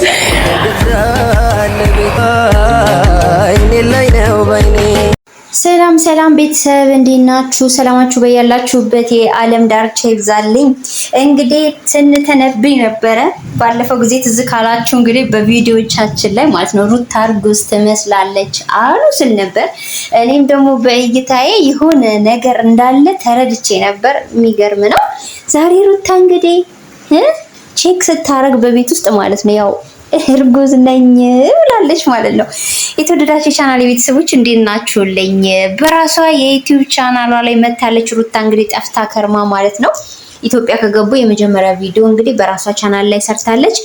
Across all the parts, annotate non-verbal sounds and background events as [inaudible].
ጋይስ ሰላም ሰላም ቤተሰብ እንዴት ናችሁ? ሰላማችሁ በያላችሁበት የዓለም ዳርቻ ይብዛልኝ። እንግዲህ ስንተነብኝ ነበረ ባለፈው ጊዜ ትዝ ካላችሁ እንግዲህ በቪዲዮቻችን ላይ ማለት ነው ሩታ እርጉዝ ትመስላለች አሉ ስል ነበር። እኔም ደግሞ በእይታዬ የሆነ ነገር እንዳለ ተረድቼ ነበር። የሚገርም ነው። ዛሬ ሩታ እንግዲህ ቼክ ስታረግ በቤት ውስጥ ማለት ነው ያው እርጉዝ ነኝ ብላለች ማለት ነው። የተወደዳች የቻናል የቤተሰቦች እንዴት ናችሁልኝ? በራሷ የዩቲዩብ ቻናሏ ላይ መታለች ሩታ እንግዲህ ጠፍታ ከርማ ማለት ነው። ኢትዮጵያ ከገቡ የመጀመሪያ ቪዲዮ እንግዲህ በራሷ ቻናል ላይ ሰርታለች።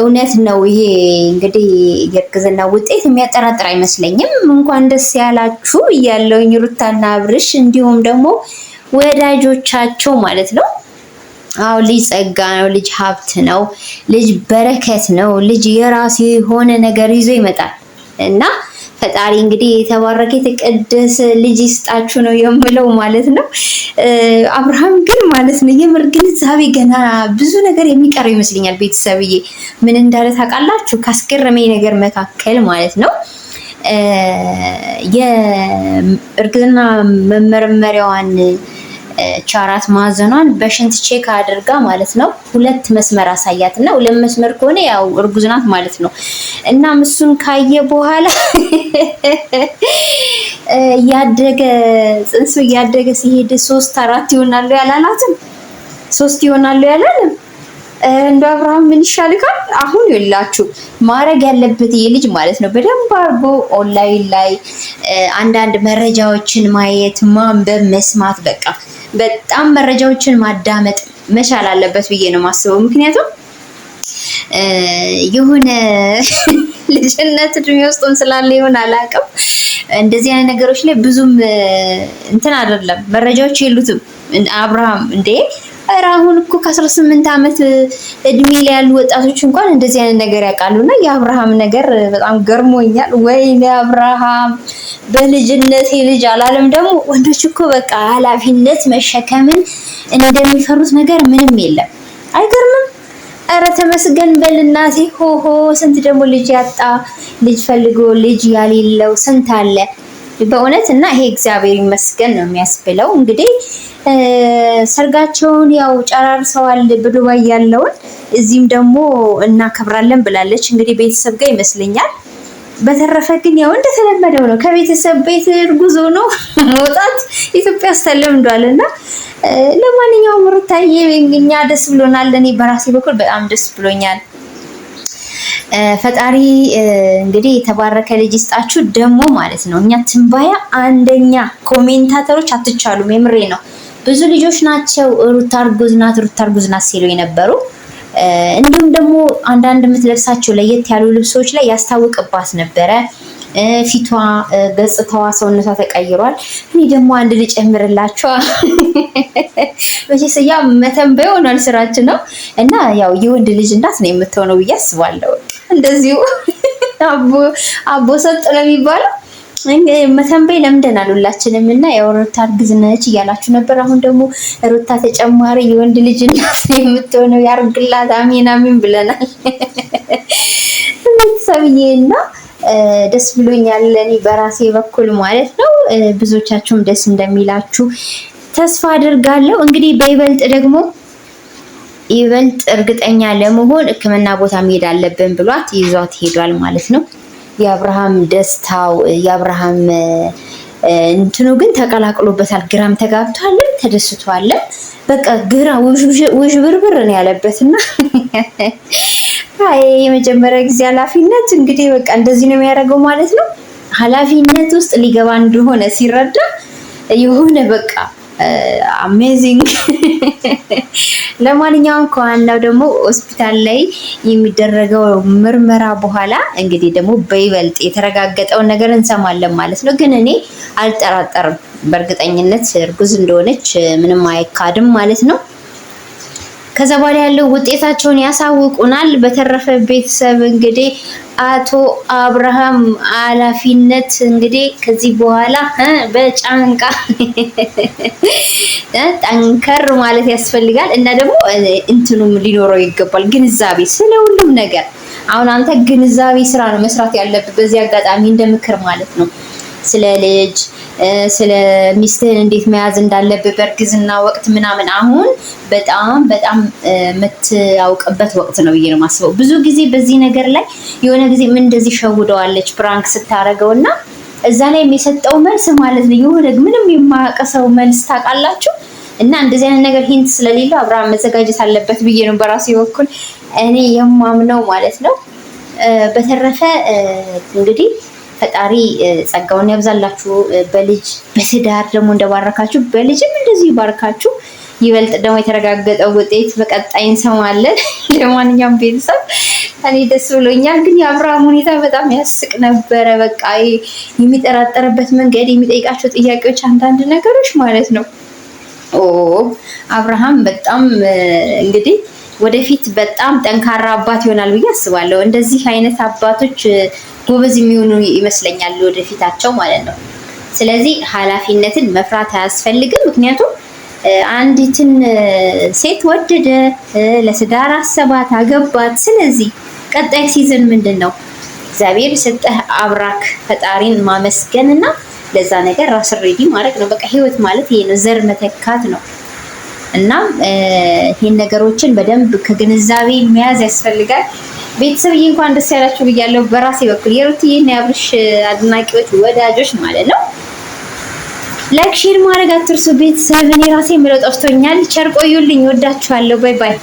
እውነት ነው ይሄ እንግዲህ የእርግዝና ውጤት የሚያጠራጥር አይመስለኝም። እንኳን ደስ ያላችሁ እያለውኝ ሩታና አብርሽ እንዲሁም ደግሞ ወዳጆቻቸው ማለት ነው አዎ ልጅ ጸጋ ነው፣ ልጅ ሀብት ነው፣ ልጅ በረከት ነው። ልጅ የራሱ የሆነ ነገር ይዞ ይመጣል እና ፈጣሪ እንግዲህ የተባረከ የተቀደሰ ልጅ ይስጣችሁ ነው የምለው ማለት ነው። አብርሃም ግን ማለት ነው የምር ግንዛቤ ገና ብዙ ነገር የሚቀረው ይመስለኛል። ቤተሰብዬ ምን እንዳለ ታውቃላችሁ? ካስገረመኝ ነገር መካከል ማለት ነው የእርግዝና መመርመሪያዋን ቻራት ማዘኗን በሽንት ቼክ አድርጋ ማለት ነው ሁለት መስመር አሳያት እና ሁለት መስመር ከሆነ ያው እርጉዝ ናት ማለት ነው። እና ምሱን ካየ በኋላ [laughs] እያደገ ጽንሱ እያደገ ሲሄድ ሶስት አራት ይሆናሉ ያላላትም ሶስት ይሆናሉ ያላለም እንደ አብርሃም ምን ይሻልካል? አሁን ይላችሁ ማድረግ ያለበት ይህ ልጅ ማለት ነው በደንብ አድርጎ ኦንላይን ላይ አንዳንድ መረጃዎችን ማየት፣ ማንበብ፣ መስማት በቃ በጣም መረጃዎችን ማዳመጥ መቻል አለበት ብዬ ነው የማስበው። ምክንያቱም የሆነ [laughs] ልጅነት እድሜ ውስጥም ስላለ ይሆን አላውቅም፣ እንደዚህ አይነት ነገሮች ላይ ብዙም እንትን አይደለም፣ መረጃዎች የሉትም። አብርሃም እንዴ ኧረ አሁን እኮ ከ18 ዓመት እድሜ ላይ ያሉ ወጣቶች እንኳን እንደዚህ አይነት ነገር ያውቃሉ። እና የአብርሃም ነገር በጣም ገርሞኛል። ወይኔ አብርሃም በልጅነት ልጅ አላለም። ደግሞ ወንዶች እኮ በቃ ኃላፊነት መሸከምን እንደሚፈሩት ነገር ምንም የለም። አይገርምም? ኧረ ተመስገን በልናቴ ሆሆ ስንት ደግሞ ልጅ ያጣ ልጅ ፈልጎ ልጅ ያሌለው ስንት አለ በእውነት እና ይሄ እግዚአብሔር ይመስገን ነው የሚያስብለው እንግዲህ ሰርጋቸውን ያው ጨራርሰዋል በዱባይ ያለውን እዚህም ደግሞ እናከብራለን ብላለች። እንግዲህ ቤተሰብ ጋር ይመስለኛል። በተረፈ ግን ያው እንደተለመደው ነው ከቤተሰብ ቤት ጉዞ ነው [laughs] መውጣት ኢትዮጵያ ውስጥ ተለምዷል እና ለማንኛውም ሩታዬ እኛ ደስ ብሎናል። እኔ በራሴ በኩል በጣም ደስ ብሎኛል። ፈጣሪ እንግዲህ የተባረከ ልጅ ይስጣችሁ። ደግሞ ማለት ነው እኛ ትንባያ አንደኛ ኮሜንታተሮች አትቻሉም። የምሬ ነው። ብዙ ልጆች ናቸው ሩታ እርጉዝ ናት፣ ሩታ እርጉዝ ናት ሲሉ የነበሩ እንዲሁም ደግሞ አንዳንድ የምትለብሳቸው ለየት ያሉ ልብሶች ላይ ያስታውቅባት ነበረ። ፊቷ፣ ገጽታዋ፣ ሰውነቷ ተቀይሯል። እኔ ደግሞ አንድ ልጨምርላችኋ [laughs] መቼስ ያ መተንበይ ሆኗል ስራችን ነው እና ያው የወንድ ልጅ እናት ነው የምትሆነው ብዬ አስባለሁ። እንደዚሁ [laughs] አቦ ሰጥ ነው የሚባለው መተንበይ ለምደናል ሁላችንም። እና ያው ሩታ እርግዝ እያላችሁ ነበር። አሁን ደግሞ ሩታ ተጨማሪ የወንድ ልጅ እናት የምትሆነው ያርግላት፣ አሜን አሜን ብለናል። ቤተሰብዬ እና ደስ ብሎኛል በራሴ በኩል ማለት ነው። ብዙዎቻችሁም ደስ እንደሚላችሁ ተስፋ አድርጋለሁ። እንግዲህ በይበልጥ ደግሞ ይበልጥ እርግጠኛ ለመሆን ሕክምና ቦታ መሄድ አለብን ብሏት ይዟት ሄዷል ማለት ነው። የአብርሃም ደስታው የአብርሃም እንትኑ ግን ተቀላቅሎበታል። ግራም ተጋብቷል፣ ተደስቷለን። በቃ ግራ ውዥብርብር ነው ያለበት እና [laughs] አይ የመጀመሪያ ጊዜ ኃላፊነት እንግዲህ በቃ እንደዚህ ነው የሚያደርገው ማለት ነው። ኃላፊነት ውስጥ ሊገባ እንደሆነ ሲረዳ የሆነ በቃ አሜዚንግ። ለማንኛውም ከዋናው ደግሞ ሆስፒታል ላይ የሚደረገው ምርመራ በኋላ እንግዲህ ደግሞ በይበልጥ የተረጋገጠውን ነገር እንሰማለን ማለት ነው። ግን እኔ አልጠራጠርም፣ በእርግጠኝነት እርጉዝ እንደሆነች ምንም አይካድም ማለት ነው። ከዛ በኋላ ያለው ውጤታቸውን ያሳውቁናል። በተረፈ ቤተሰብ እንግዲህ አቶ አብርሃም አላፊነት እንግዲህ ከዚህ በኋላ በጫንቃ ጠንከር ማለት ያስፈልጋል እና ደግሞ እንትኑም ሊኖረው ይገባል ግንዛቤ ስለ ሁሉም ነገር። አሁን አንተ ግንዛቤ ስራ ነው መስራት ያለብህ በዚህ አጋጣሚ እንደ ምክር ማለት ነው ስለ ልጅ ስለ ሚስትህን እንዴት መያዝ እንዳለብህ በእርግዝና ወቅት ምናምን አሁን በጣም በጣም የምታውቅበት ወቅት ነው ብዬ ነው የማስበው። ብዙ ጊዜ በዚህ ነገር ላይ የሆነ ጊዜ ምን እንደዚህ ሸውደዋለች ፕራንክ ስታደርገው እና እዛ ላይ የሚሰጠው መልስ ማለት ነው የሆነ ምንም የማያቀሰው መልስ ታውቃላችሁ። እና እንደዚህ አይነት ነገር ሂንት ስለሌለው አብርሃም መዘጋጀት አለበት ብዬ ነው በራሴ በኩል እኔ የማምነው ማለት ነው። በተረፈ እንግዲህ ፈጣሪ ጸጋውን ያብዛላችሁ። በልጅ በትዳር ደግሞ እንደባረካችሁ በልጅም እንደዚ ይባርካችሁ። ይበልጥ ደግሞ የተረጋገጠ ውጤት በቀጣይ እንሰማለን። [laughs] ለማንኛውም ቤተሰብ እኔ ደስ ብሎኛል። ግን የአብርሃም ሁኔታ በጣም ያስቅ ነበረ። በቃ የሚጠራጠርበት መንገድ፣ የሚጠይቃቸው ጥያቄዎች፣ አንዳንድ ነገሮች ማለት ነው። ኦ አብርሃም በጣም እንግዲህ ወደፊት በጣም ጠንካራ አባት ይሆናል ብዬ አስባለሁ። እንደዚህ አይነት አባቶች ጎበዝ የሚሆኑ ይመስለኛል ወደፊታቸው ማለት ነው። ስለዚህ ኃላፊነትን መፍራት አያስፈልግም። ምክንያቱም አንዲትን ሴት ወደደ፣ ለስዳር አሰባት፣ አገባት። ስለዚህ ቀጣይ ሲዝን ምንድን ነው? እግዚአብሔር ስጠህ አብራክ ፈጣሪን ማመስገን እና ለዛ ነገር ራስን ሬዲ ማድረግ ነው። በቃ ህይወት ማለት ይሄ ነው። ዘር መተካት ነው። እና ይህን ነገሮችን በደንብ ከግንዛቤ መያዝ ያስፈልጋል። ቤተሰብዬ እንኳን ደስ ያላችሁ ብያለሁ በራሴ በኩል የሩትዬና የአብርሽ አድናቂዎች ወዳጆች ማለት ነው። ላይክ ሼር ማድረግ አትርሱ ቤተሰብ። እኔ ራሴ የምለው ጠፍቶኛል። ቸር ቆዩልኝ። ወዳችኋለሁ። ባይ ባይ